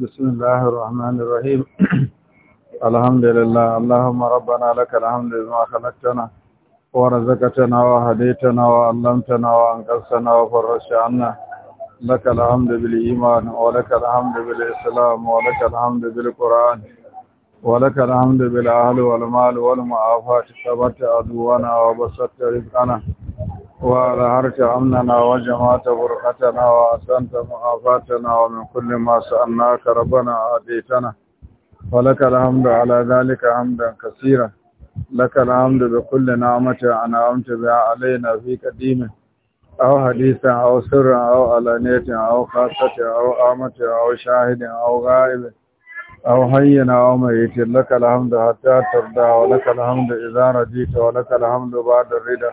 بسم الله الرحمن الرحيم الحمد لله اللهم ربنا لك الحمد بما خلقتنا ورزقتنا وهديتنا وعلمتنا وانقذتنا وفرجت عنا لك الحمد بالإيمان ولك الحمد بالإسلام ولك الحمد بالقرآن ولك الحمد بالأهل والمال والمعافاة ثبت عدونا وبسطت رزقنا وأظهرت أمننا وجمعت برقتنا وأسأنت مغافاتنا ومن كل ما سألناك ربنا آتيتنا ولك الحمد على ذلك حمدا كثيرا لك الحمد بكل نعمة أنعمت بها علينا في قديم أو حديث أو سر أو علانية أو خاصة أو عامة أو شاهد أو غائب أو حينا أو ميت لك الحمد حتى ترضى ولك الحمد إذا رجيت ولك الحمد بعد الرضا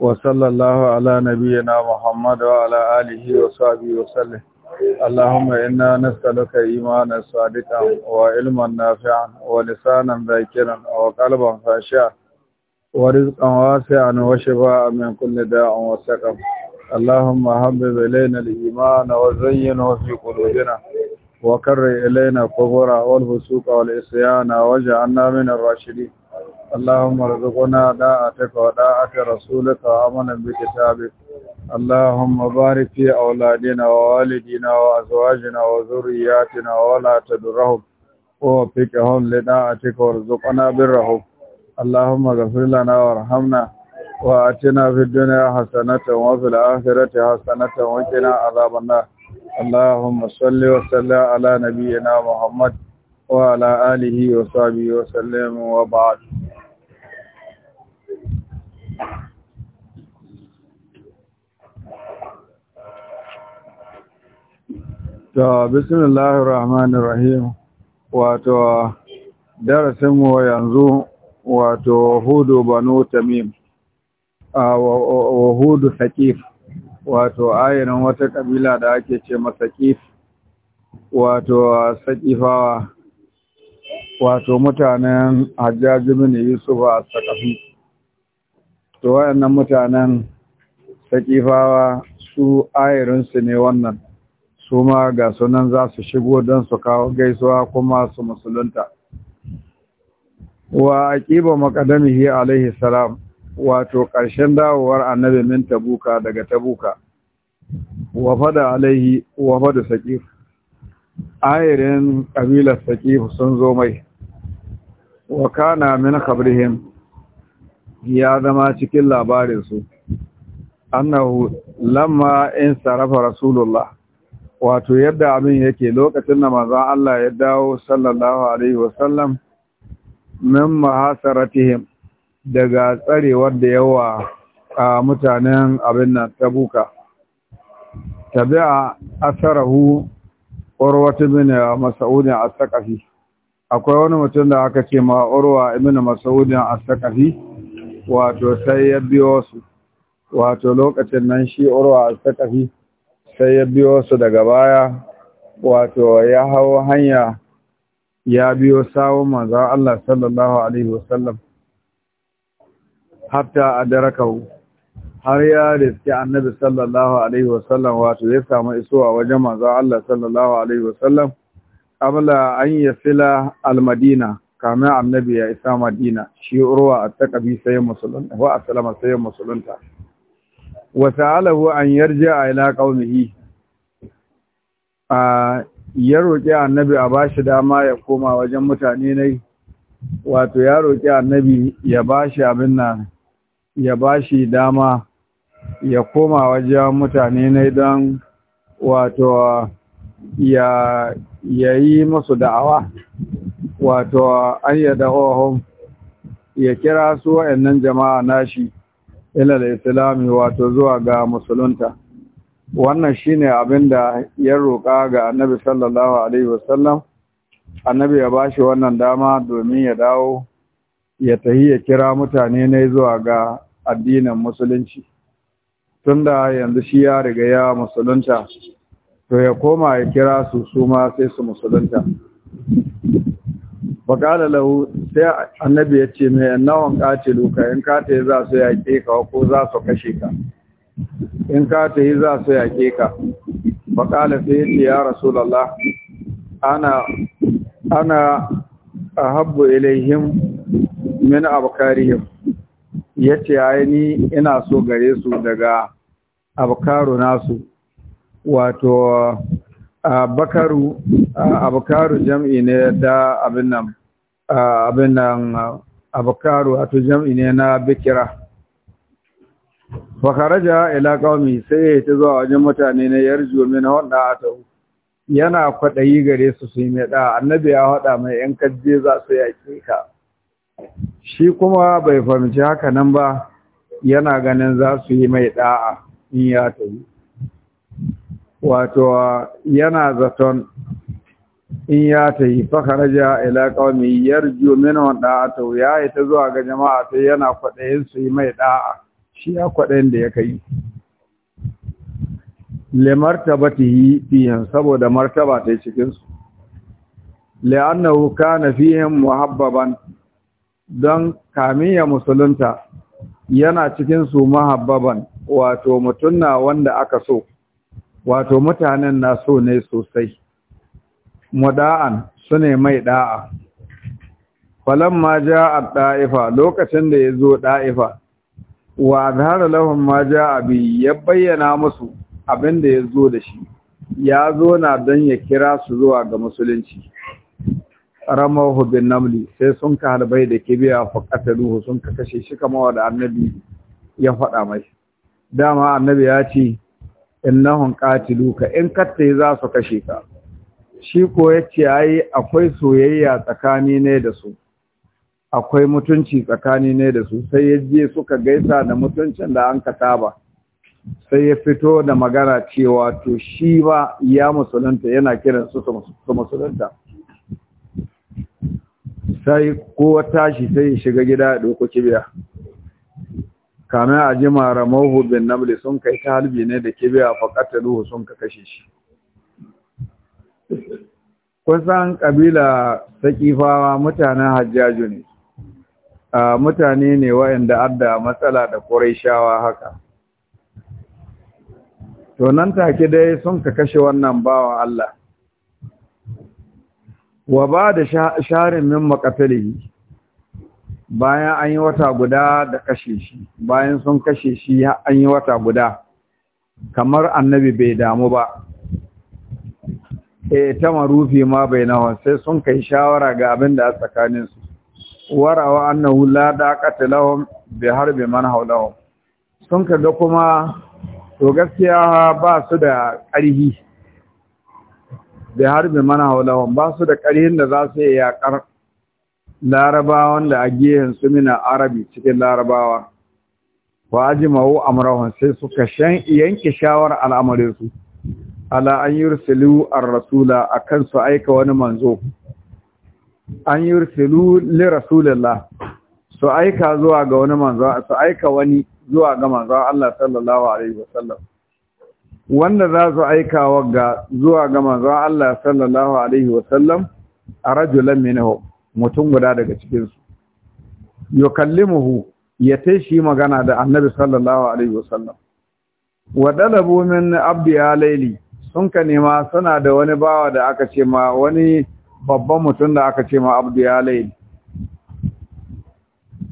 وصلى الله على نبينا محمد وعلى آله وصحبه وسلم اللهم إنا نسألك إيمانا صادقا وعلما نافعا ولسانا ذاكرا وقلبا خاشعا ورزقا واسعا وشفاء من كل داء وسقم اللهم حبب إلينا الإيمان وزينه في قلوبنا وكرر إلينا الكفر والفسوق والعصيان واجعلنا من الراشدين اللهم ارزقنا داعتك وداعة رسولك وامنا بكتابك اللهم بارك في اولادنا ووالدينا وازواجنا وذرياتنا ولا تدرهم ووفقهم لداعتك وارزقنا برهم اللهم اغفر لنا وارحمنا واتنا في الدنيا حسنة وفي الاخرة حسنة وقنا عذاب النار اللهم صل وسلم على نبينا محمد وعلى آله وصحبه وسلم وبعد To, bismillahir rahmanir rahim wato darasinmu yanzu wato hudu banu tamim wa hudu saƙif wato ayanin wata ƙabila da ake ce masakif wato saƙifawa wato mutanen hajjaji bin yusuf a tsakafi to wayannan mutanen sakifawa su ayirinsu ne wannan su ma ga sunan za su shigo don su kawo gaisuwa kuma su musulunta wa aqiba maqadamihi alaihi salam wato ƙarshen dawowar annabi min tabuka daga tabuka wa fada alaihi wa fada ayirin ƙabilar saqif sun zo mai wa kana min khabrihim ya zama cikin labarin su annahu lamma in sarafa rasulullah wato yadda abin yake lokacin da manzon Allah ya dawo sallallahu alaihi wasallam min mahasaratihim daga tsarewar da yawa a mutanen abin nan tabuka tabi'a asarahu urwatu bin mas'ud al-thaqafi akwai wani mutum da aka ce ma urwa ibn mas'ud as-saqafi wato sai ya biyo su wato lokacin nan shi urwa as-saqafi sai ya biyo su daga baya wato ya hawo hanya ya biyo sawun manzon Allah sallallahu alaihi wasallam hatta adarakahu har ya riske annabi sallallahu alaihi wasallam wato ya samu isuwa wajen manzon Allah sallallahu alaihi wasallam abla an yasila al-madina kamin annabi ya isa madina shi urwa a takabi sai musulunta wa aslama sai musulunta wa sa'alahu an yarja ila qaumihi a ya roƙi annabi a bashi dama ya koma wajen mutane nai wato ya roƙi annabi ya bashi abin nan ya bashi dama ya koma wajen mutane nai don wato ya yi musu da'awa wato an ya ya kira su wa'annan jama'a nashi ilal islami wato zuwa ga musulunta wannan shine abin da ya roƙa ga annabi sallallahu alaihi wasallam annabi ya bashi wannan dama domin ya dawo ya tahi ya kira mutane ne zuwa ga addinin musulunci tunda yanzu shi ya riga ya musulunta to ya koma ya kira su su ma sai su musulunta faƙala lahu sai annabi ya ce mai nawan ƙatilu ka in ka ta yi za su yaƙe ka ko za su kashe ka in ka ta yi za su yaƙe ka faƙala sai ya ce ya rasulallah ana ana ahabbu ilaihim min abkarihim ya yi ni ina so gare su daga abkaru nasu wato bakaru abakaru jam'i ne da abin nan abin nan wato jam'i ne na bikira fakaraja ila qaumi sai ya ta zuwa wajen mutane ne yarju min wanda ta yana kwadayi gare su su yi mai da annabi ya hada mai yan kaje za su yake ka shi kuma bai fahimci haka nan ba yana ganin za su yi mai ɗa'a, in ya ta'u. wato yana zaton in ya tahi fakaraja ila qaumi yarju minhu da'ata ya ita zuwa ga jama'a sai yana kwadayin su yi mai da'a shi ya kwadayin da ya kai le martabatihi fiyan saboda martaba ta cikin su annahu kana fihim muhabbaban don kamiya musulunta yana cikin su muhabbaban wato mutunna wanda aka so wato mutanen na so ne sosai muda'an su ne mai da'a ma ja a da'ifa lokacin da ya zo da'ifa wa zahara lahun ma a bi ya bayyana musu abin da ya zo da shi ya zo na don ya kira su zuwa ga musulunci ramar hudun namli sai sun ka halbai da kibiya fa ruhu sun ka kashe shi kamar da annabi ya faɗa mai dama annabi ya ce innahum qatiluka in katta za su kashe ka shi ko yace ai akwai soyayya tsakani ne da su akwai mutunci tsakani ne da su sai yaje suka gaisa da mutuncin da an kataba sai ya fito da magana cewa to shi ba ya musulunta yana kiran su su musulunta sai ko tashi sai ya shiga gida da biya kibiya kamin a jima ramahu bin namli sun kai ta halbi ne da kibiya faƙata duhu sun ka kashe shi kusan ƙabila ƙifawa mutanen hajjaju ne mutane ne waɗanda adda matsala da ƙuraishawa haka to nan take dai sun ka kashe wannan bawa Allah wa ba da sharin min makafilihi bayan an yi wata guda da kashe shi bayan sun kashe shi an yi wata guda kamar annabi bai damu ba e ta marufi ma bai nawa sai sun kai shawara ga abin da a tsakaninsu warawa annahu la daqata lahum bi harbi man hawlahum sun kaga kuma to gaskiya ba su da ƙarfi, bi harbi man hawlahum ba su da ƙarfin da za su yi yaƙar larabawan da a gehen su mina arabi cikin larabawa wa a amrahum sai suka shan yanke shawar al'amarin su ala an yi yursilu a rasula akan su aika wani manzo an yi yursilu li Rasulallah, su aika zuwa ga wani manzo su aika wani zuwa ga manzo Allah sallallahu alaihi wasallam wanda za su aika ga zuwa ga manzo Allah sallallahu alaihi wasallam a rajulan minhum mutum guda daga cikinsu yukallimuhu ya tashi magana da annabi sallallahu alaihi wasallam wa dalabu min abdi ya sun ka nema suna da wani bawa da aka ce ma wani babban mutum da aka ce ma abdi ya laili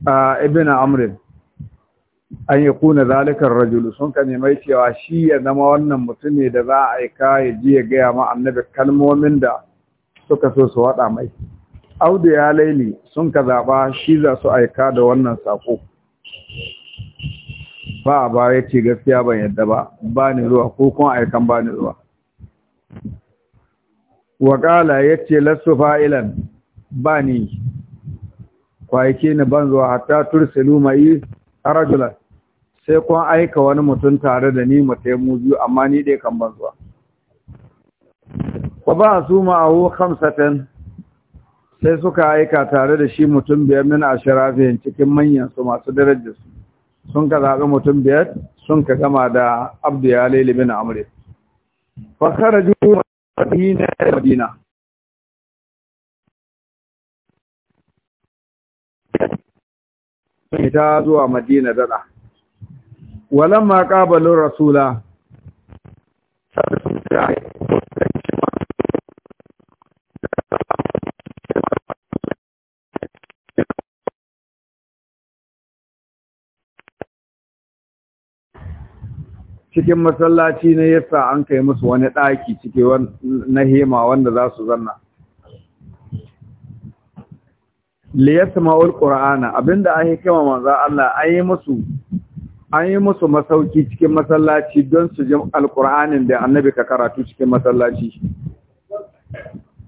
a ibn amrin an yi kuna zalikar rajulu sun ka nemai cewa shi ya zama wannan mutum ne da za a aika ya ji ya gaya ma annabi kalmomin da suka so su waɗa mai audu ya laili sun ka zaɓa shi za su aika da wannan saƙo ba a ba ya ce gaskiya ban yadda ba ba ni zuwa ko kuma aikan ba ni zuwa waƙala ya ce lasu fa'ilan ba ni kwaike ni ban zuwa hatta tursilu mai arajulan sai kun aika wani mutum tare da ni mu muzu amma ni dai kan ban zuwa ba ba su ma'ahu kamsatan. sai suka aika tare da shi mutum biyar min ashirafihin cikin manyan su masu darajar su sun ka zaɓi mutum biyar sun ka gama da abdu ya laili bin amri fa kharaju madina madina ta zuwa madina dada walamma ƙabalin rasula sai cikin masallaci ne yasa an kai musu wani ɗaki cike na hema wanda za su zanna liyasma'ul qur'ana abinda an hikima manzo Allah an yi musu musu masauki cikin masallaci don su ji alqur'anin da annabi ka karatu cikin masallaci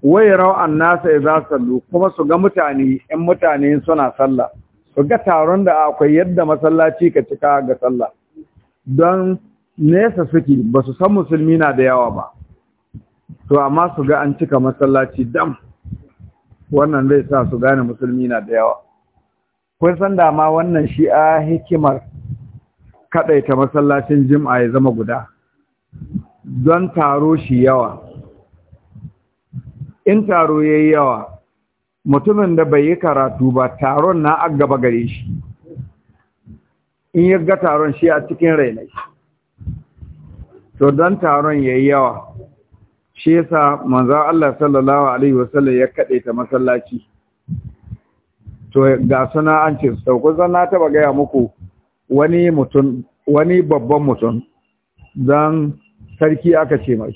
wai ra'an nasa idza sallu kuma su ga mutane in mutane suna sallah su ga taron da akwai yadda masallaci ka cika ga sallah don nesa suke ba su san musulmi na da yawa ba to amma su ga an cika masallaci dam wannan zai sa su gane musulmi na da yawa kun san da ma wannan shi'a hikimar ta masallacin jim'a ya zama guda don taro shi yawa in taro ya yi yawa mutumin da bai yi karatu ba taron na agaba gare shi in yi ga taron shi a cikin rainai to don taron ya yi yawa shi yasa manzo Allah sallallahu alaihi wasallam ya kade ta masallaci to ga suna an ce sauko zan na taba gaya muku wani mutum wani babban mutum dan sarki aka ce mai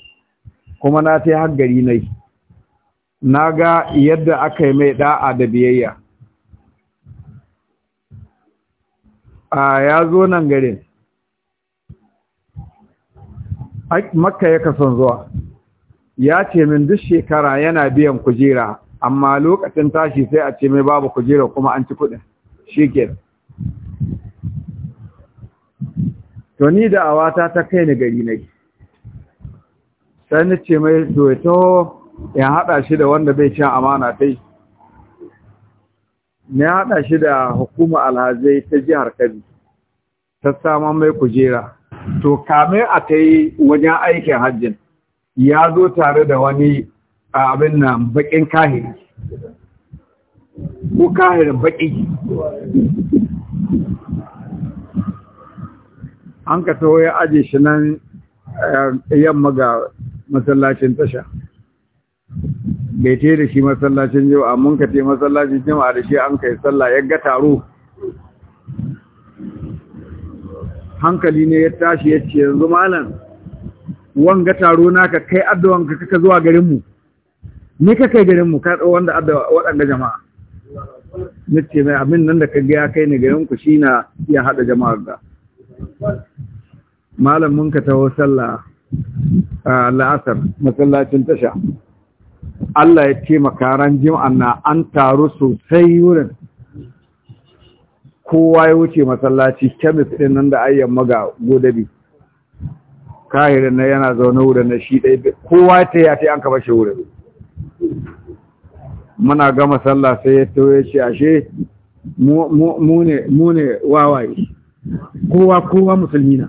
kuma na ta har gari nai na ga yadda aka yi mai da'a da biyayya a ya zo nan garin makka ya kasan zuwa ya ce min duk shekara yana biyan kujera amma lokacin tashi sai a ce mai babu kujera kuma an ci kudin shi ke to ni da awata ta kai ni gari nai sai ni ce mai doito ya haɗa shi da wanda bai cin amana ta yi na haɗa shi da hukuma alhazai ta jihar kabi ta saman mai kujera to kame a ta yi wajen aikin hajjin ya zo tare da wani abin nan bakin kahiri ko kahirin baki an ka taho ya aje shi nan eh, yamma ga masallacin tasha bai te da shi masallacin jiwa mun ka te masallacin jiwa da shi an kai sallah ya ga taro hankali ne ya tashi ya ce yanzu malam wanga taro naka kai addawanka kaka zuwa garinmu ni ka kai garinmu ka ɗau wanda addawa waɗanda jama'a na ce mai abin nan da ka ga ya kai ni ku shi na iya hada jama'ar da malam mun ka taho sallah la'asar masallacin tasha Allah ya ce makaran jim'an na an taru sosai wurin kowa ya wuce masallaci kemis ɗin nan da ayyan maga godabi kahirin na yana zaune wurin na shi ɗaya kowa ta ya ta an kama shi wurin muna gama sallah sai ya toye ce ashe mu ne wawaye kowa kowa musulmi na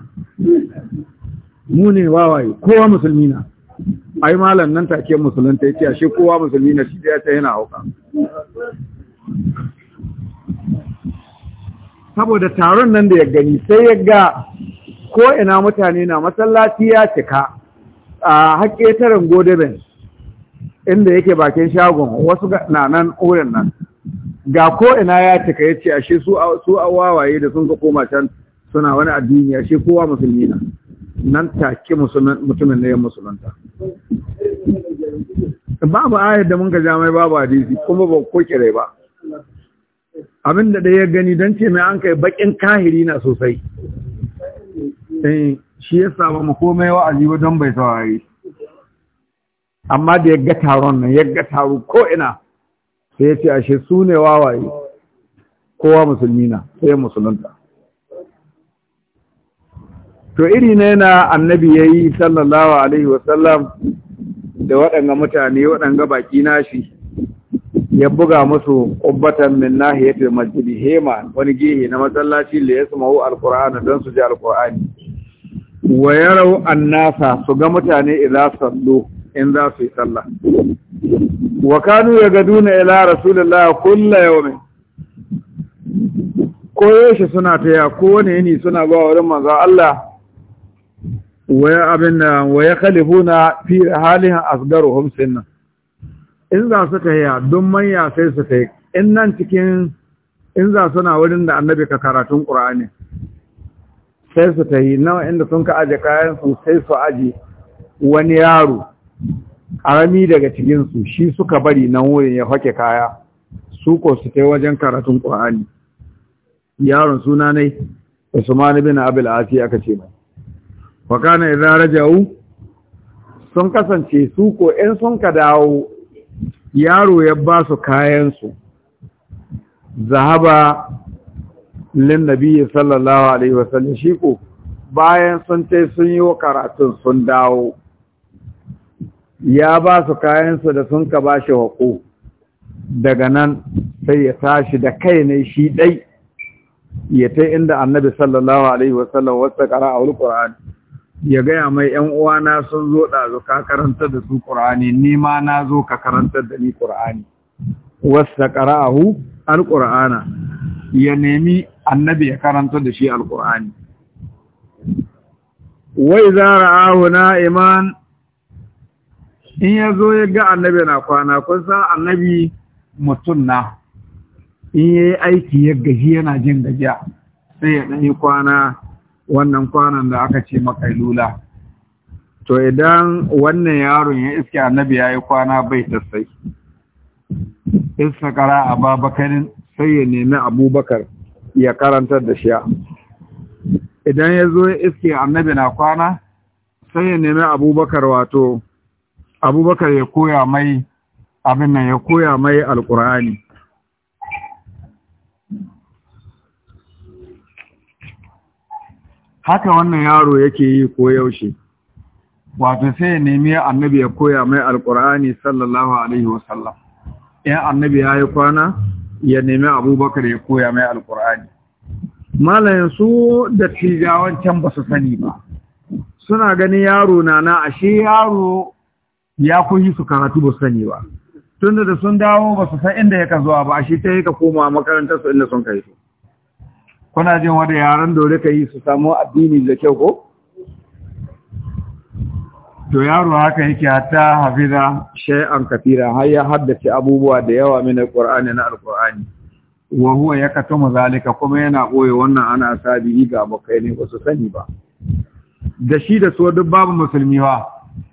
mu ne wawaye kowa musulmi na ai malam nan take musulunta ya ce ashe kowa musulmi na shi ta yana hauka saboda taron nan da ya gani sai ya ga ko mutane na masallaci ya cika a haƙe tarin inda yake bakin shagon wasu na nan wurin nan ga ko'ina ina ya cika ya ce ashe su a wawaye da sun ka koma can suna wani addini ashe kowa musulmi na nan take mutumin na yin musulunta babu ayar da mun ka jamai babu hadisi kuma ba ko kirai ba abin da ya gani don ce mai an kai bakin kahiri na sosai eh, shi ya saba mu komai wa'azi ba don bai saurari amma da ya ga taron nan ya ga taro ko ina sai ya ce a su ne wawaye kowa musulmi na sai ya musulunta to iri na yana annabi ya yi sallallahu alaihi wasallam da waɗanga mutane waɗanga baki nashi ya buga musu ƙubbatan min nahiyatil masjid hema wani gehe na masallaci da ya sumahu alqur'ana don su ji alqur'ani wa yarau annasa su ga mutane idza sallu in za su yi sallah wa kanu yagaduna ila rasulillahi kullu yawmin ko yaushe suna taya ko wani yini suna ba wurin manzo Allah Waya abinna waya khalifuna fi halin asgaruhum sinna in za su tahiya don manya sai su tahi in nan cikin in za suna wurin da annabi ka karatun ƙur'ani sai su tahi nawa inda sun ka aje kayan su sai su aje wani yaro ƙarami daga cikinsu shi suka bari na wurin ya hake kaya su ko su yi wajen karatun ƙura'ani yaron suna ne usman bin abul asi aka ce mai wa kana idza raja'u sun kasance su ko in sun ka dawo yaro ya ba su kayansu zahaba lin nabiyyi sallallahu alaihi wasallam shi ko bayan sun ce sun yi karatun sun dawo ya ba su kayansu da sun ka ba shi hako daga nan sai ya tashi da kai ne shi ɗai ya ta inda annabi sallallahu alaihi wasallam wasu ƙara a wani ya gaya mai ‘yan uwana sun zo ɗazu ka karantar da su ƙur'ani, ni ma na zo ka karantar da ni ƙur'ani. Wasta ƙara'ahu al ya nemi annabi ya karanta da shi al Wai zara ahu na iman, in ya zo ya ga annabi na kwana, kun sa annabi mutum na, in ya yi aiki ya gaji yana jin gajiya, sai ya ɗani kwana wannan kwanan da aka ce maka lula to idan wannan yaron ya iske annabi ya yi kwana bai sassai istakara a babakarin sai ya nemi abubakar ya karantar da shi idan ya zo ya iske annabi na kwana sai ya nemi abubakar wato abubakar ya koya mai abin nan ya koya mai alkur'ani haka wannan yaro yake yi ko yaushe wato sai ya nemi annabi ya koya mai alkur'ani sallallahu alaihi wasallam in annabi ya yi kwana ya nemi abubakar ya koya mai alkur'ani malayin su da tijawan can ba su sani ba suna ganin yaro na na ashe yaro ya kuhi su karatu ba su sani ba tunda da sun dawo ba su san inda ya ka zuwa ba ashe ta yi ka koma makarantar su inda sun kai su kuna jin wanda yaran dole ka yi su samu addini da kyau ko to yaro haka yake hatta hafiza shay'an kafira har ya haddace abubuwa da yawa min alqur'ani na alqur'ani wa huwa yakatumu zalika kuma yana boye wannan ana sabi ga abokai ne ba sani ba da shi da su duk babu musulmi ba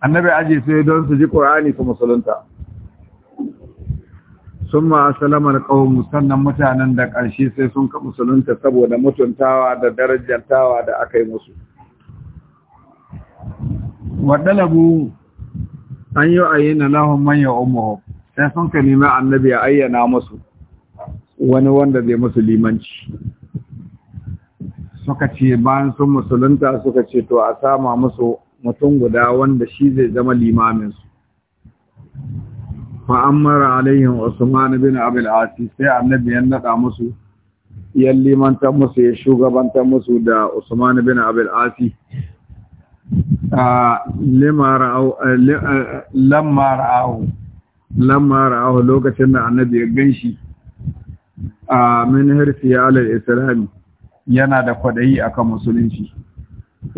annabi aje sai don su ji qur'ani su musulunta sun ma asalamar ƙawon sannan mutanen da ƙarshe sai sun ka musulunta saboda mutuntawa da darajantawa da aka yi musu. Waɗalabu an yi ayyana lahun manya umaru sai sun ka nemi annabi a ayyana musu wani wanda zai musu limanci. Suka ce bayan sun musulunta suka ce to a sama musu mutum guda wanda shi zai zama limaminsu. fa amara usman bin abul asi sai annabi ya nada musu yan limanta musu ya shugabanta musu da usman bin abul asi lima ra'au lamma lokacin da annabi ya ganshi a min hirsi ala islami yana da a akan musulunci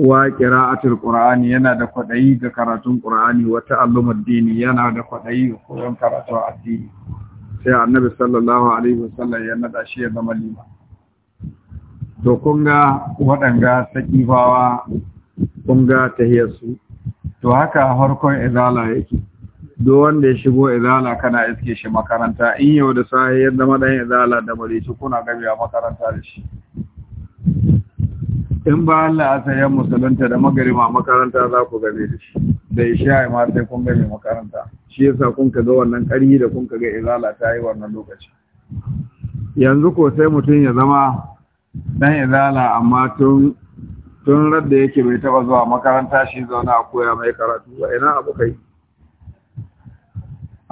wa qira'atul qur'ani yana da kwadayi ga karatun qur'ani wa ta'allumud dini yana da kwadayi ga koyon karatu addini sai annabi sallallahu alaihi wasallam ya nada shi ya zama lima. to kun ga waɗanga sakifawa kun ga su. to haka harkon izala yake duk wanda ya shigo izala kana iske shi makaranta in yau da sai ya zama dan izala da bare shi kuna gabiya makaranta da shi in ba Allah a sayan musulunta da magarima makaranta za ku gane da shi da isha ma sai kun gane makaranta shi yasa kun ka ga wannan ƙarhi da kun ka ga izala ta yi wannan lokaci yanzu ko sai mutum ya zama dan izala amma tun tun radda yake bai taba zuwa makaranta shi zauna a koya mai karatu ba ina abu kai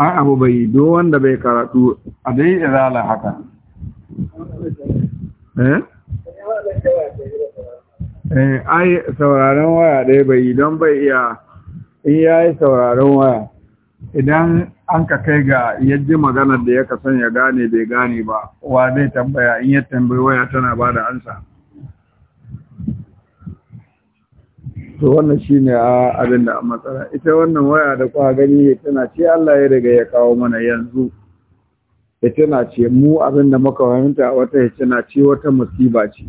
ai abu bai do wanda bai karatu a dai izala haka eh Eh, ai sauraron waya ɗaya bai yi don bai iya in ya yi sauraron waya idan an ka kai ga yajji maganar da ya kasan ya gane bai gane ba wa zai tambaya in ya tambayi waya tana ba da ansa to wannan shi ne a abin da a matsala ita wannan waya da kuka gani tana ce Allah ya riga ya kawo mana yanzu ya tana ce mu abin da muka fahimta wata ya tana ce wata musiba ce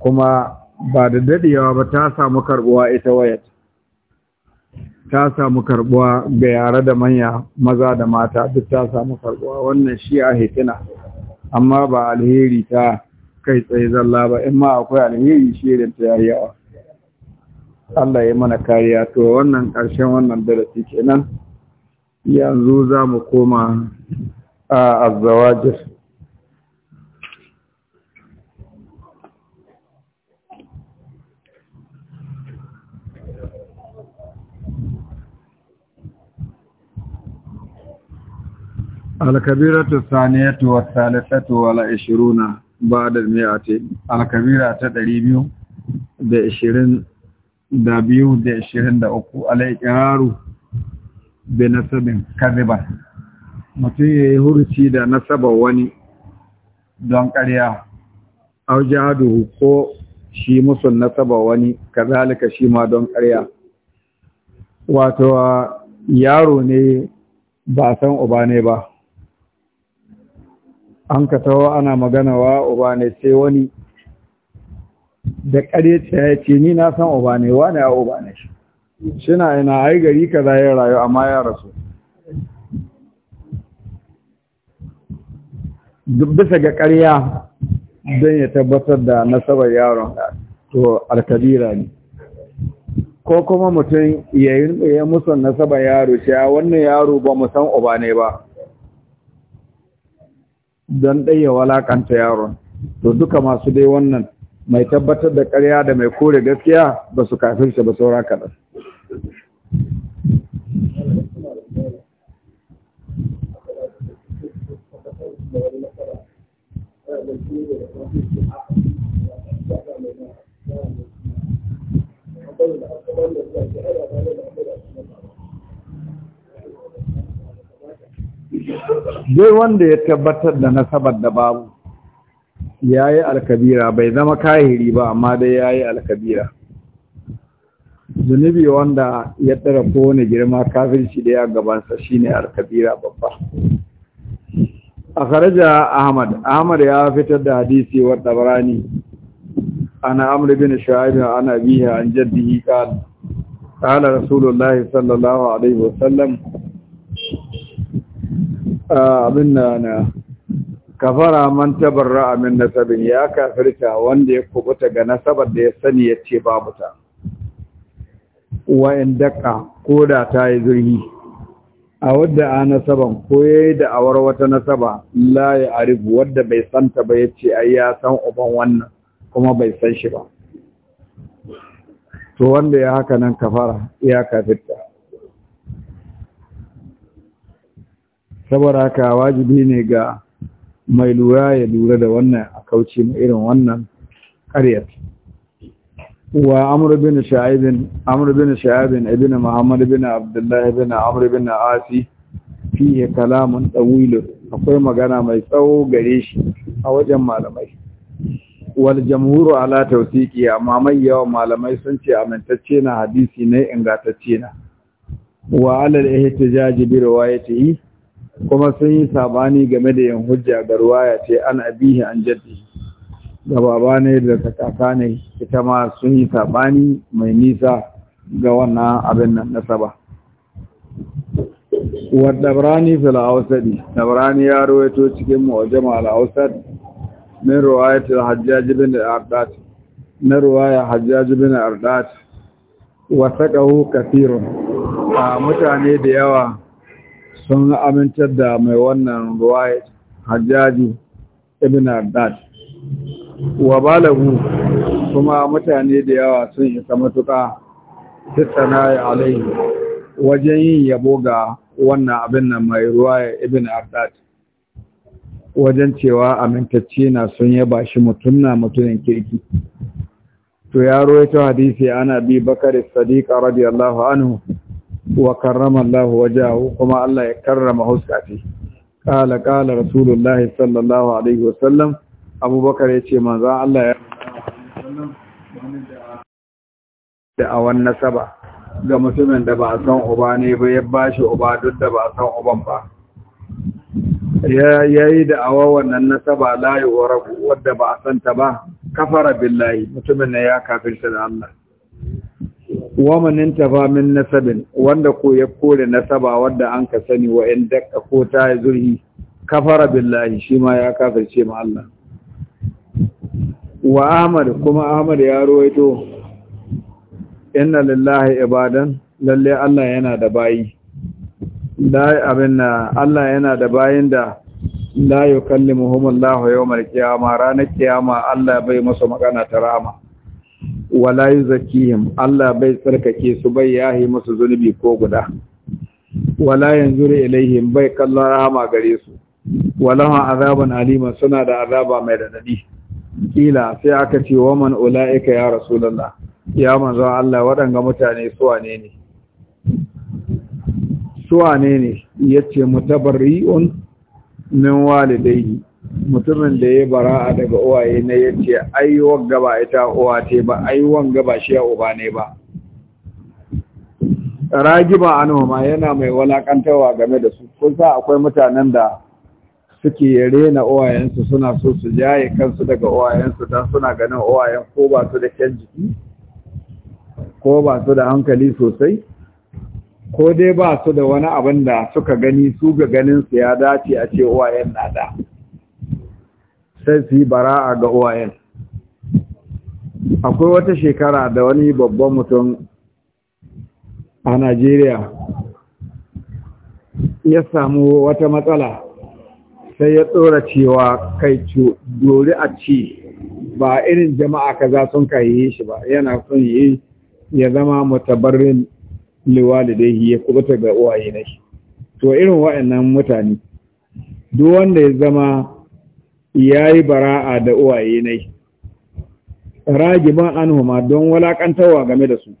kuma ba da dadewa ba ta samu karbuwa ita waya. ta samu karbuwa ga yare da manya maza da mata duk ta samu karbuwa wannan shi a hitina amma ba alheri ta kai tsaye zalla ba in ma akwai alheri shi da ta yawa Allah ya mana kariya to wannan ƙarshen wannan darasi kenan yanzu za mu koma a azzawajir alkabiratu saniyatu wa thalithatu wa la 20 ba'da al alkabira ta 200 da 20 da 2 da 23 al-iqraru bi nasabin kadhiba mutum yayi hurci da nasaba wani don ƙarya aw jahaduhu ko shi musul nasaba wani kazalika shi ma don ƙarya wato yaro ne ba san uba ne ba an ka tawo ana magana wa uba ne sai wani da kare ce ya ce ni na san uba ne wa ne a uba ne shi shina yana ai gari ka ya rayu amma ya rasu bisa ga karya don ya tabbatar da nasabar yaron da to alkabira ne ko kuma mutum ya musu nasabar yaro a wannan yaro ba mu san uba ne ba don ɗaya walakanta yaron to duka masu dai wannan mai tabbatar da karya da mai kore gaskiya ba su kafin shi ba saura kaɗan dai wanda ya tabbatar da nasabar da babu ya yi alkabira bai zama kahiri ba amma dai ya yi alkabira zunubi wanda ya tsara kowane girma kafirci da ya gabansa shine alkabira babba a kharaja ahmad ahmad ya fitar da hadisi wa tabarani ana amri bin shu'aib ana biya an jaddihi qala qala rasulullahi sallallahu alaihi wasallam Ah, abin na na kafara man tabarra min nasabin ya kafirta wanda ya kubuta ga nasabar da ya sani ya ce babu ta wa'in daka ko da ta yi zurgi a wadda a nasaban ko ya yi awar wata nasaba la ya arifu wadda bai santa ba ya ce ai ya san uban wannan kuma bai san shi ba to wanda ya haka nan kafara ya kafirta saboda haka wajibi ne ga mai lura ya lura da wannan a kauce mu irin wannan ƙaryar wa amr bin sha'ibin amr bin sha'ibin ibn muhammad bin abdullah ibn amr bin asi fiye kalamun tawil akwai magana mai tsawo gare shi a wajen malamai wal jamhuru ala tawsiqi amma mai yawan malamai sun ce amintacce na hadisi na ingantacce na wa ala al ihtijaj bi riwayatihi kuma sun yi sabani game da yin hujja ga ruwaya ce an abihi an jaddi da baba ne da kakaka ne ita ma sun yi sabani mai nisa ga wannan abin nan nasaba wa dabrani fil awsadi dabrani ya rawaito cikin mu'jama al awsad min riwayat al hajjaj ibn ardat na riwaya hajjaj ibn ardat wa saqahu kathirun mutane da yawa sun amintar da mai wannan ruwaya hajjaji ibn Abdad wa balagu kuma mutane da yawa sun isa matuƙa tattana ya alaihi wajen yin yabo ga wannan abin nan mai ruwaya ibn Abdad wajen cewa amintacce na sun yaba shi mutum na mutumin kirki to ya ta hadisi ana bi bakar sadiqa radiyallahu anhu wa karrama Allah wajahu kuma Allah ya karrama huskati qala qala rasulullah sallallahu alaihi wasallam abubakar yace manzo Allah ya da awan nasaba ga mutumin da ba san uba ne ba ya bashi uba duk da ba san uban ba ya yayi da awa wannan nasaba la yuwarabu wanda ba san ta ba kafara billahi mutumin ne ya kafirta da Allah wamanin tafamin tafa min nasabin wanda ko ya kore nasaba wanda an ka sani wa in dakka ko ta zurhi kafara billahi shi ma ya kafirce ma Allah wa Ahmad kuma Ahmad ya ruwaito inna lillahi ibadan lalle Allah yana da bayi dai abin Allah yana da bayin da la yukallimuhum Allah yawmal qiyamah ranar kiyama Allah bai masa magana ta rama wala yuzakihim Allah bai tsarkake su bai yahi musu zunubi ko guda wala yanzu da ilaihim bai kallon rama gare su wala azaban alima suna da azaba mai dadadi Ƙila, sai aka ce wa man ulaika ya rasulullah ya manzo Allah waɗanga mutane su ne su wane ne yace mutabarri'un min walidayhi mutumin da ya bara'a daga uwaye na yace ai wanga ba ita uwa ce ba ai wanga ba shi ya uba ne ba ragiba anoma yana mai walakantawa game da su sa akwai mutanen da suke rena uwayensu suna so su jaye kansu daga uwayensu don suna ganin uwayen ko ba su da kyan jiki ko ba su da hankali sosai ko dai ba su da wani abin da suka gani su ga ganinsu ya dace a ce uwayen na da sai su yi bara'a ga uwayen akwai wata shekara da wani babban mutum a najeriya ya samu wata matsala sai ya tsora cewa kai dori a ci ba irin jama'a kaza sun ka yi shi ba yana son yi ya zama mutabarrin da ya kubuta ga uwaye na shi to irin wa'annan mutane duk wanda ya zama Ya yayi bara'a da uwaye nai an huma don walakantawa game da su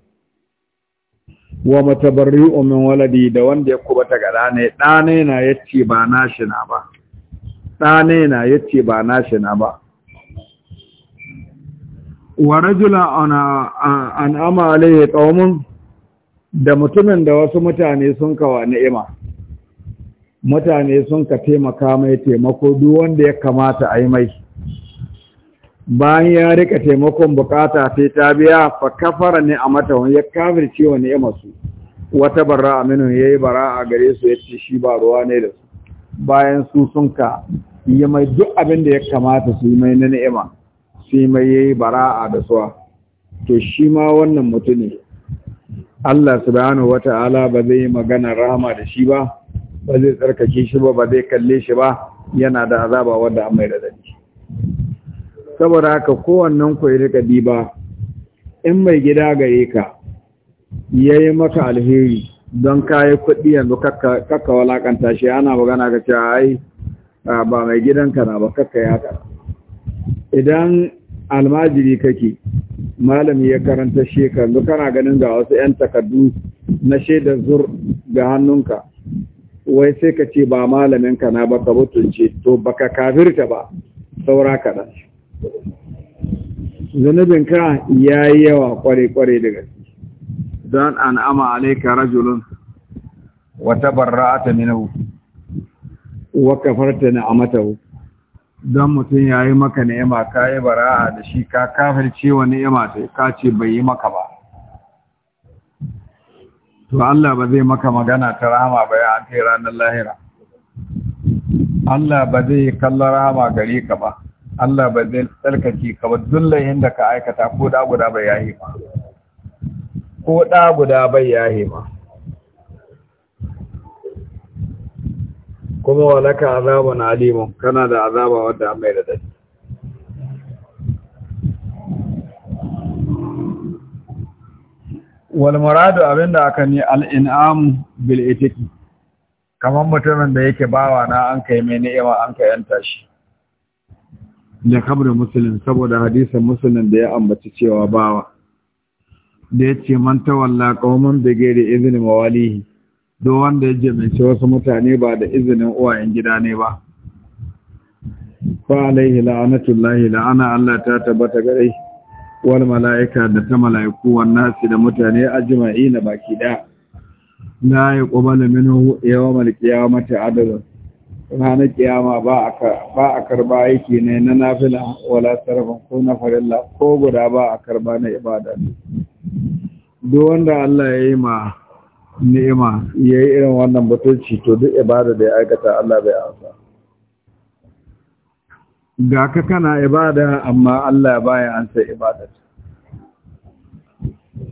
wa matabarri, umin waladi da wanda ya kubata ga ne ɗane na ce ba nashi na ba ɗane na ce ba nashi na ba wa rajula an amalai ya da mutumin da wasu mutane sun kawa ni'ima mutane sun ka taimaka mai taimako duk wanda ya kamata a yi mai bayan ya rika taimakon bukata sai ta biya fa kafara ne a mata wani ya kafirce wa masu wata Barra aminu ya yi bara a gare su ya ce shi ba ruwa ne da su bayan su sun ka yi mai duk abin da ya kamata su yi mai na ni'ima su yi mai ya yi bara a da suwa to shi ma wannan mutum ne Allah subhanahu wata'ala ba zai yi magana rahama da shi ba ba zai tsarkake shi ba ba zai kalle shi ba yana da azaba wanda an mai radadi saboda haka kowannen ku ya rika diba in mai gida gare ka yayi maka alheri don kayi kuɗi yanzu kakka walakanta shi ana magana ga cewa ai ba mai gidanka na ba kakka ya ka idan almajiri kake malami ya karanta shekaru kana ganin ga wasu 'yan takardu na shaidar zur ga hannunka wai sai ka ce ba malamin ka na ka mutunce to ba ka kafirta ba saura kaɗan ka ya yi yawa kware-kware da gaske don an'ama alaika rajulun wata barra ta minahu wa kafarta ni'amatahu don mutum ya yi maka ni'ima ka yi bara'a da shi ka kafirce wa ni'ima sai ka ce bai yi maka ba to Allah ba zai maka magana ta rama ba ya an ranar lahira Allah ba zai kallon rama gare ka ba Allah ba zai tsarkaki ka ba da ka aikata ko da guda bai yahi ba. ko da guda bai yahi ba. kuma walaka azabun alimun kana da azaba wadda mai da dadi wal muradu abinda aka ni al in'am bil itiki mutumin da yake bawa na an kai mai ni'ima an kai yanta shi da kabrin muslim saboda hadisin muslim da ya ambaci cewa bawa da ya ce man tawalla qauman da ghairi izinin mawalihi duk wanda ya jibince wasu mutane ba da izinin uwayen gida ne ba fa alaihi la'anatullahi la'ana Allah ta tabbata gare wal mala'ika da ta mala'iku wan nasi da mutane na baki Na la yuqbalu minhu yawmal qiyamati adala ranar kiyama ba a ba a karba yake ne na nafila wala sarrafa ko na farilla ko guda ba a karba na ibada duk wanda Allah ya yi ma ni'ima ya yi irin wannan butulci to duk ibada da ya aikata Allah bai amsa ga ka kana ibada amma Allah baya an sai ibadar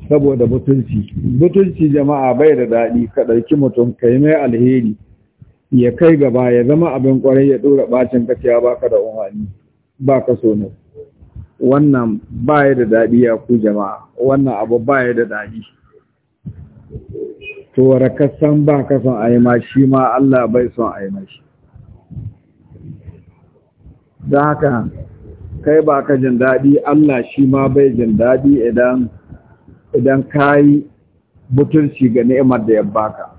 saboda butunci butunci jama'a bai da daɗi ka ɗauki mutum kai mai alheri ya kai gaba ya zama abin kwarai ya ɗora bacin ya baka da umarni baka so ne wannan baya da daɗi ya ku jama'a wannan abu baya da daɗi to rakasan ba ka son ayi ma shi ma Allah bai son ayi ma shi don haka kai ba ka jin daɗi Allah shi ma bai jin daɗi idan idan ka yi mutunci ga ni'imar da ya baka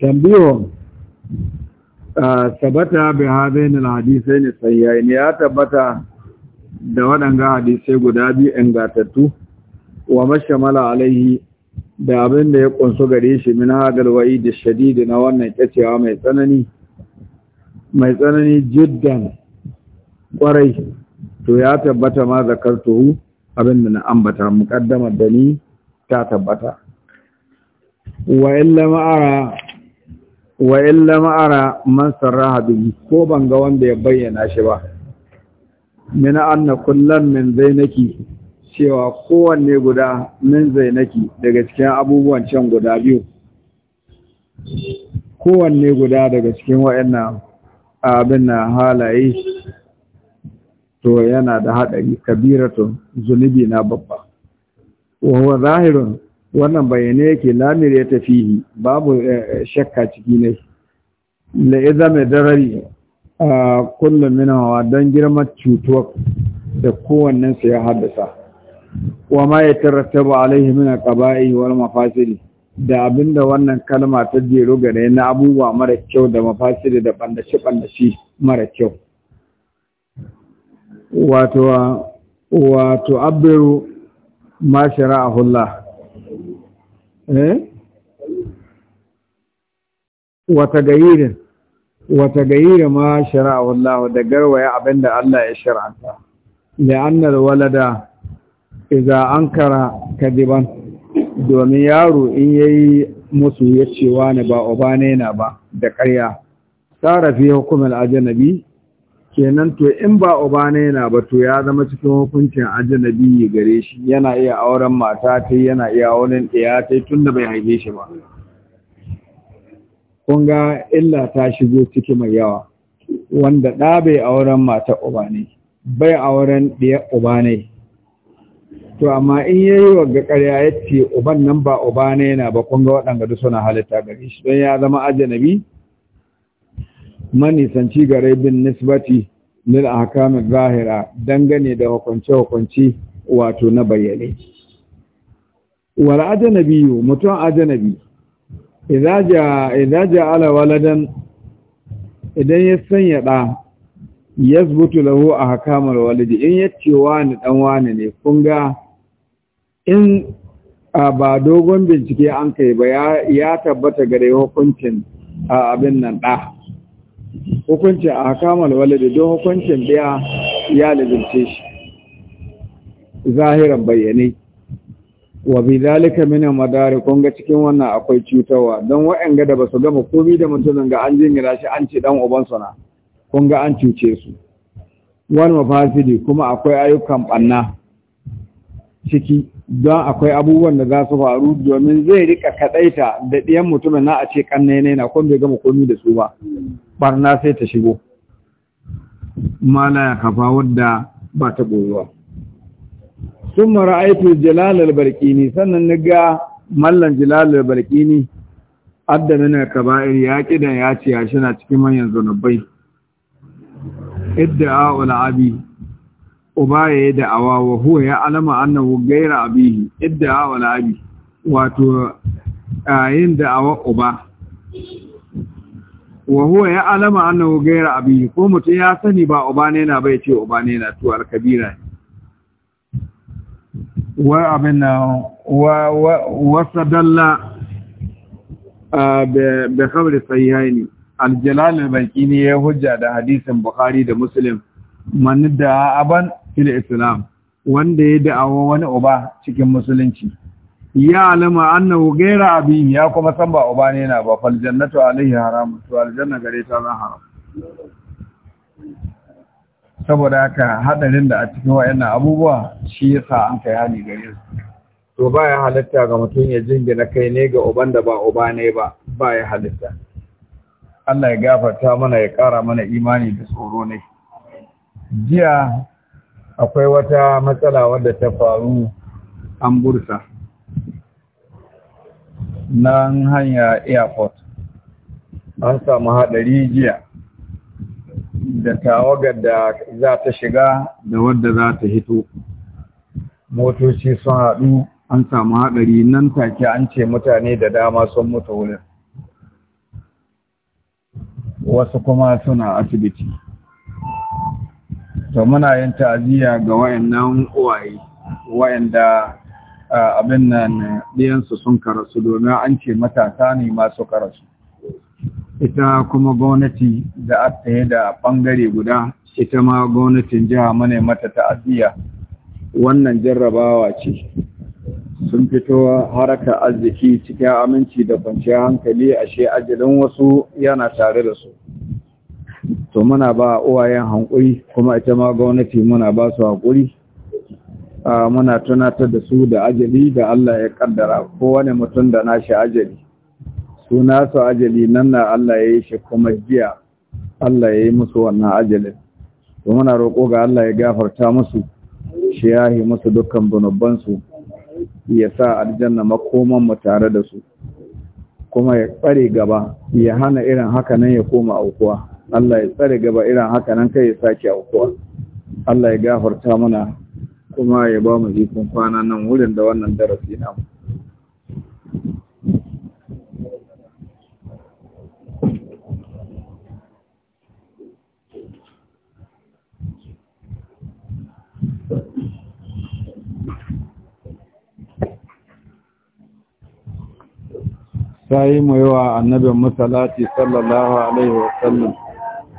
tambiyon sabata bi hadain Hadisai ne sayyai ne ya tabbata da waɗanga hadisai guda biyu ingantattu wa mashamala alaihi da abin da ya kunsu gare shi min da wa'id shadid na wannan kyacewa mai tsanani mai tsanani jiddan kwarai to ya tabbata ma zakartuhu abinda na ambata mukaddamar da ni ta tabbata wa illa ma'ara man sarra bihi ko ban ga wanda ya bayyana shi ba an na kullum min zainaki cewa kowanne guda min zainaki daga cikin abubuwan can guda biyu kowanne guda daga cikin waɗannan abin na halaye to yana da haɗari kabiratun zunubi na babba wa zahirun wannan bayyane yake lamir ya tafihi babu eh, shakka ciki ne la mai darari a kullum minawa don girman cutuwa da kowannen ya haddasa wa ma ya tarattaba alaihi mina ƙaba'i wal mafasili da abinda wannan kalma ta jero gare na abubuwa mara kyau da mafasiri da ɓandashi-ɓandashi mara kyau wato wato abiru ma shara'ahullah eh wata gayirin wata gayira a hula da garwaya abinda Allah ya da annar walada an kara kadiban domin yaro in yayi musu ya cewa ne ba uba ne na ba da ƙarya tsara fi hukumar ajanabi kenan to in ba uba ne na ba to ya zama cikin hukuncin ajanabi gare shi yana iya auren mata ta yana iya auren ɗaya ta tun da bai haife shi ba kun ga illa ta shigo ciki mai yawa wanda ɗa bai auren mata uba ne bai auren ɗaya Obanai. ne to amma in yayi wagga ƙarya yace uban nan ba uba ne yana ba kun ga waɗanda duk suna halitta gare shi don ya zama ajanabi manisanci gare bin nisbati lil ahkamin zahira dangane da hukunce hukunci wato na bayyane wal ajnabi mutum ajnabi idza ja idza ja'ala waladan idan ya sanya da yazbutu lahu ahkamul walidi in yace wani dan wani ne kun ga in a ba dogon bincike an kai ba ya tabbata gare hukuncin abin nan ɗa hukuncin a kamar walade don hukuncin biya ya lalace shi zahiran bayyane wa bi zalika mini madari cikin wannan akwai cutarwa don wa'anga da su gama komi da mutumin ga an jingira shi an ce dan ubansu na an cuce su wani mafasidi kuma akwai ayyukan ɓanna. ciki don akwai abubuwan da za su faru domin zai rika kadaita da ɗiyan mutumin na a ce kanne ne na kuma bai gama komi da su ba barna sai ta shigo mala ya kafa wadda ba ta ɓoyuwa sun mara aiki jalalar barkini sannan na ga mallan jalalar barkini na kaba'ir ya kidan ya ce ya shi na cikin manyan zunubai idda abi uba ya yi da'awa wa huwa ya alama annahu ghayra abihi idda wa labi wato yin da'awa uba wa huwa ya alama annahu ghayra abihi ko mutum ya sani ba uba ne na bai ce uba ne na to alkabira wa abin wa wa sadalla bi bi khabri sahihaini aljalal al-baqini ya hujja da hadisin bukhari da muslim man da aban fil islam wanda ya da'awa wani uba cikin musulunci ya alama annahu ghayra abin ya kuma san ba uba ne na ba fal jannatu alaihi haram to aljanna gare ta zan haram saboda haka hadarin da a cikin wayannan abubuwa shi yasa an kai hani gare su to baya halitta ga mutum ya jingina kai ne ga uban da ba uba ne ba baya halitta Allah ya gafarta mana ya kara mana imani da tsoro ne jiya akwai wata matsala wadda ta faru an bursa Na hanya airport an samu haɗari jiya da tawagar da za ta shiga da wadda za ta hito motoci sun haɗu an samu haɗari nan take an ce mutane da dama sun mutu wurin wasu kuma suna asibiti to muna yin ta'aziyya ga wayannan uwaye wayanda abin nan ɗiyansu sun karasu domin an ce matasa ne masu karasu ita kuma gwamnati da aka yi da ɓangare guda ita ma gwamnatin jiha mana mata ta'aziyya wannan jarrabawa ce sun fito haraka arziki cikin aminci da kwanciyar hankali ashe ajalin wasu yana tare da su to muna ba uwayen hankuri kuma ita ma gwamnati muna ba su hankuri muna tunatar da su da ajali da Allah ya kaddara kowane mutum da nashi ajali su nasu ajali nan na Allah ya yi shi kuma jiya Allah ya yi musu wannan ajalin to muna roƙo ga Allah ya gafarta musu shi ya yi musu dukkan bunubbansu ya sa aljanna makoman mu tare da su kuma ya tsare gaba ya hana irin haka nan ya koma aukuwa Allah ya tsare gaba irin haka nan kai ya sake aukuwa Allah ya gafarta mana kuma ya ba mu ikon kwana nan wurin da wannan darasi na ta yi mu wa annabin masalati sallallahu alaihi wasallam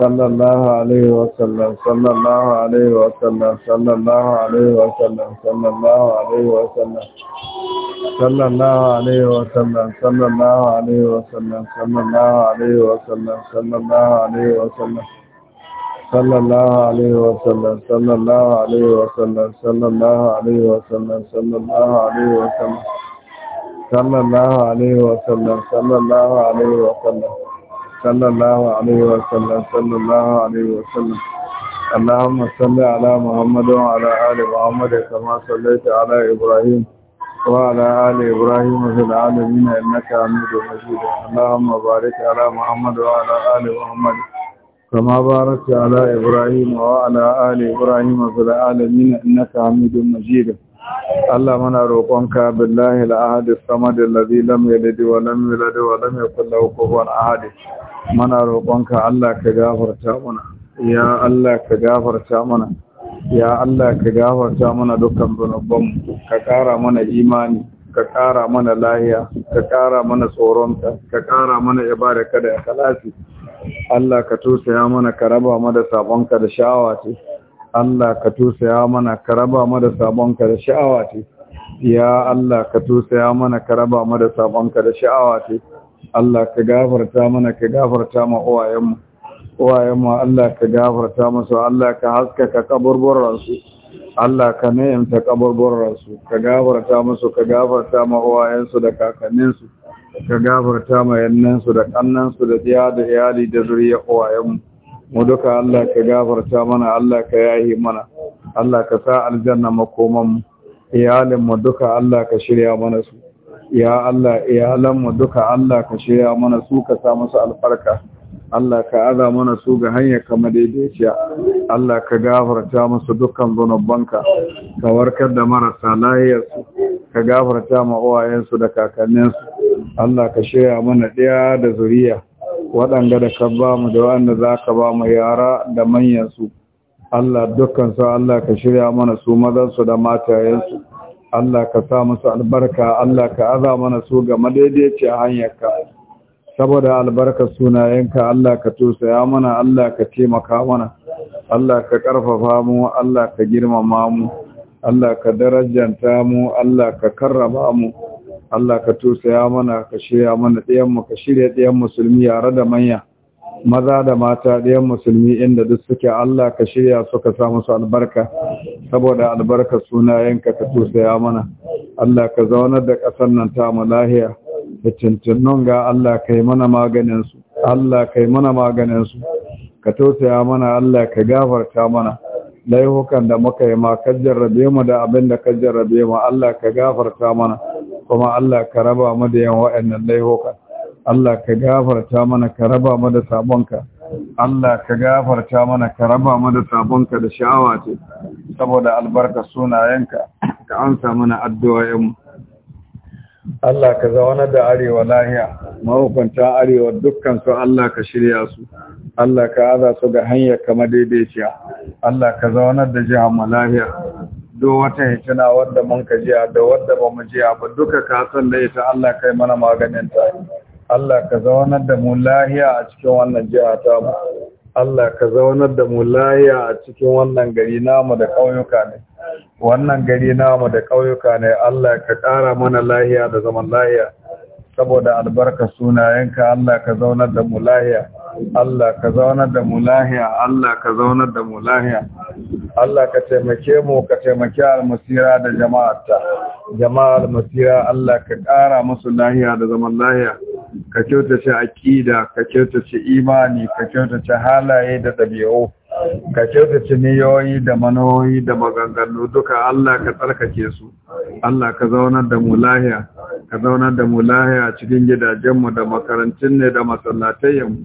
sallallahu alaihi wa sallallahu alaihi wa sallam sallallahu alaihi wa sallam allahumma salli ala muhammad wa ala ali muhammad kama sallaita ala ibrahim wa ala ali ibrahim fil alamin innaka hamidum majid allahumma barik ala muhammad wa ala ali muhammad كما باركت على إبراهيم وعلى آل إبراهيم في العالمين إنك حميد مجيد اللهم انا روقك بالله الاحد الصمد الذي لم يلد ولم يولد ولم يكن له كفوا احد منا روقك الله كغفرتا منا يا الله كغفرتا منا ya Allah ka gafarta mana dukkan zunubanmu ka ƙara mana imani ka ƙara mana lahiya ka ƙara mana tsoronka ka ƙara mana ibada kada ikhlasi Allah ka ya mana ka raba mu da sabonka da sha'awa ce Allah ka ya mana ka raba mu da sabonka da sha'awa ce ya Allah ka ya mana ka raba mu da sabonka da sha'awa ce Allah ka gafarta mana ka gafarta ma uwayenmu uwayenmu Allah ka gafarta musu Allah ka haskaka kaburburan su Allah ka ni'imta kaburburan su ka gafarta musu ka gafarta ma uwayensu da kakanninsu ka gafarta ma yannansu da kannansu da diya da iyali da zuriya uwayenmu mu duka Allah ka gafarta mana Allah ka yahi mana Allah ka sa aljanna makoman mu iyalin mu duka Allah ka shirya mana su ya Allah iyalan duka Allah ka shirya mana su ka sa musu alfarka. Allah ka aza mana su ga hanyar kama daidaiciya Allah ka gafarta musu dukkan zunubbanka. ka warkar da marasa lahiyarsu ka gafarta ma uwayensu da kakanninsu Allah ka shirya mana ɗaya da zuriya waɗanda da ka ba mu da wanda za ka ba mu yara da manyansu Allah dukkansu Allah ka shirya mana su mazansu da matayensu Allah ka sa musu albarka Allah ka aza mana su ga madaidaiciya hanyarka saboda albarkar sunayenka Allah ka tosaya mana Allah ka taimaka mana Allah ka ƙarfafa mu Allah ka girmama mu Allah ka darajanta mu Allah ka karrama mu Allah ka tosaya mana ka shirya mana ɗayan mu ka shirya ɗayan musulmi yare da manya maza da mata ɗayan musulmi inda duk suke Allah ka shirya suka samu musu albarka saboda albarkar sunayenka ka tosaya mana Allah ka zaunar da ƙasar nan ta mu lahiya Da fitintunnun ga Allah kai mana maganinsu Allah kai mana maganinsu ka tausaya mana Allah ka gafarta mana laihukan da muka yi ma ka jarrabe mu da abin da ka jarrabe mu Allah ka gafarta mana kuma Allah ka raba mu da yan wa'annan laihukan Allah ka gafarta mana ka raba mu da sabonka Allah ka gafarta mana ka raba mu da sabonka da sha'awa ce saboda albarka sunayenka ka ansa mana addu'o'in Allah ka zauna da arewa lahiya mahukunta arewa dukkan su Allah ka shirya su Allah ka aza su ga hanyar kama daidaiciya Allah ka zauna da jihar mu lahiya do wata hitina wadda mun ka jiya da wadda ba mu jiya ba duka ka san da ita Allah kai mana maganin ta Allah ka zauna da mu lahiya a cikin wannan jiha ta mu Allah ka zaunar da mu a cikin wannan gari namu da ƙauyuka ne wannan gari namu da ƙauyuka ne Allah ka ƙara mana lahiya da zaman lahiya saboda albarka sunayenka Allah ka zaunar da mu Allah ka zaunar da mu Allah ka zaunar da mu Allah ka taimake mu ka taimake almasira da jama'arta jama'ar masira Allah ka ƙara musu lahiya da zaman lahiya ka kyautace aƙida ka kyautace imani ka kyautace halaye da ɗabi'u ka kyautace niyoyi da manoyi da maganganu duka Allah ka tsarkake su Allah ka zaunar da mu lahiya ka zaunar da mu lahiya cikin gidajenmu da makarantun ne da masallatayen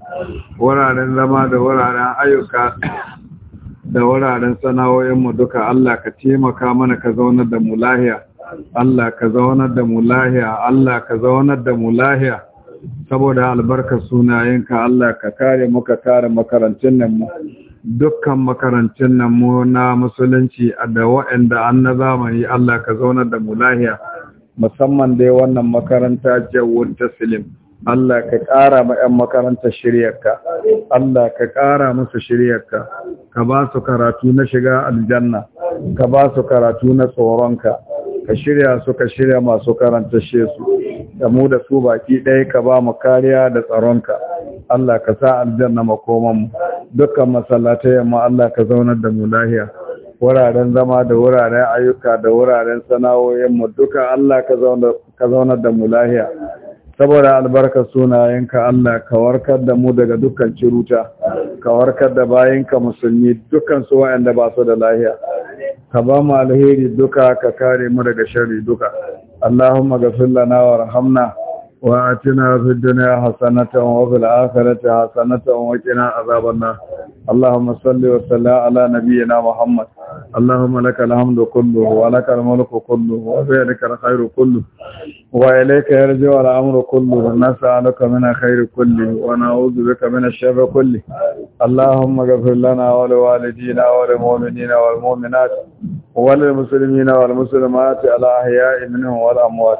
wuraren zama da wuraren ayyuka da wuraren sana'o'inmu duka Allah ka taimaka mana ka zaunar da mu lahiya Allah ka zaunar da mu lahiya Allah ka zaunar da mu lahiya saboda albarkar sunayenka Allah ka kare muka kare makarantun nan mu dukkan makarantun nan mu na musulunci da waɗanda an na zamani Allah ka zauna da mu lahiya musamman dai wannan makaranta Jawwun Taslim Allah ka ƙara ma 'yan makarantar shiryarka Allah ka ƙara musu shiryarka ka ba su karatu na shiga aljanna ka ba su karatu na tsoronka ka shirya su ka shirya masu karanta shi su da mu da su baki ɗaya ka ba mu kariya da tsaronka Allah ka sa aljanna makoman mu dukkan masallatai yamma Allah ka zaunar da mu lahiya wuraren zama da wuraren ayyuka da wuraren sana'o'in mu duka Allah ka zaunar da mu lahiya saboda albarka sunayenka Allah ka warkar da mu daga dukkan ciruta ka warkar da bayinka musulmi dukkan su wayanda ba su da lahiya ka ba mu alheri duka ka kare mu daga sharri duka Allahumma ghafir lana warhamna وآتنا في الدنيا حسنة وفي الآخرة حسنة وقنا عذاب النار اللهم صل وسلم على نبينا محمد اللهم لك الحمد كله ولك الملك كله وبيدك الخير كله وإليك يرجع الأمر كله نسألك من الخير كله ونعوذ بك من الشر كله اللهم اغفر لنا ولوالدينا وللمؤمنين والمؤمنات وللمسلمين والمسلمات الأحياء منهم والأموات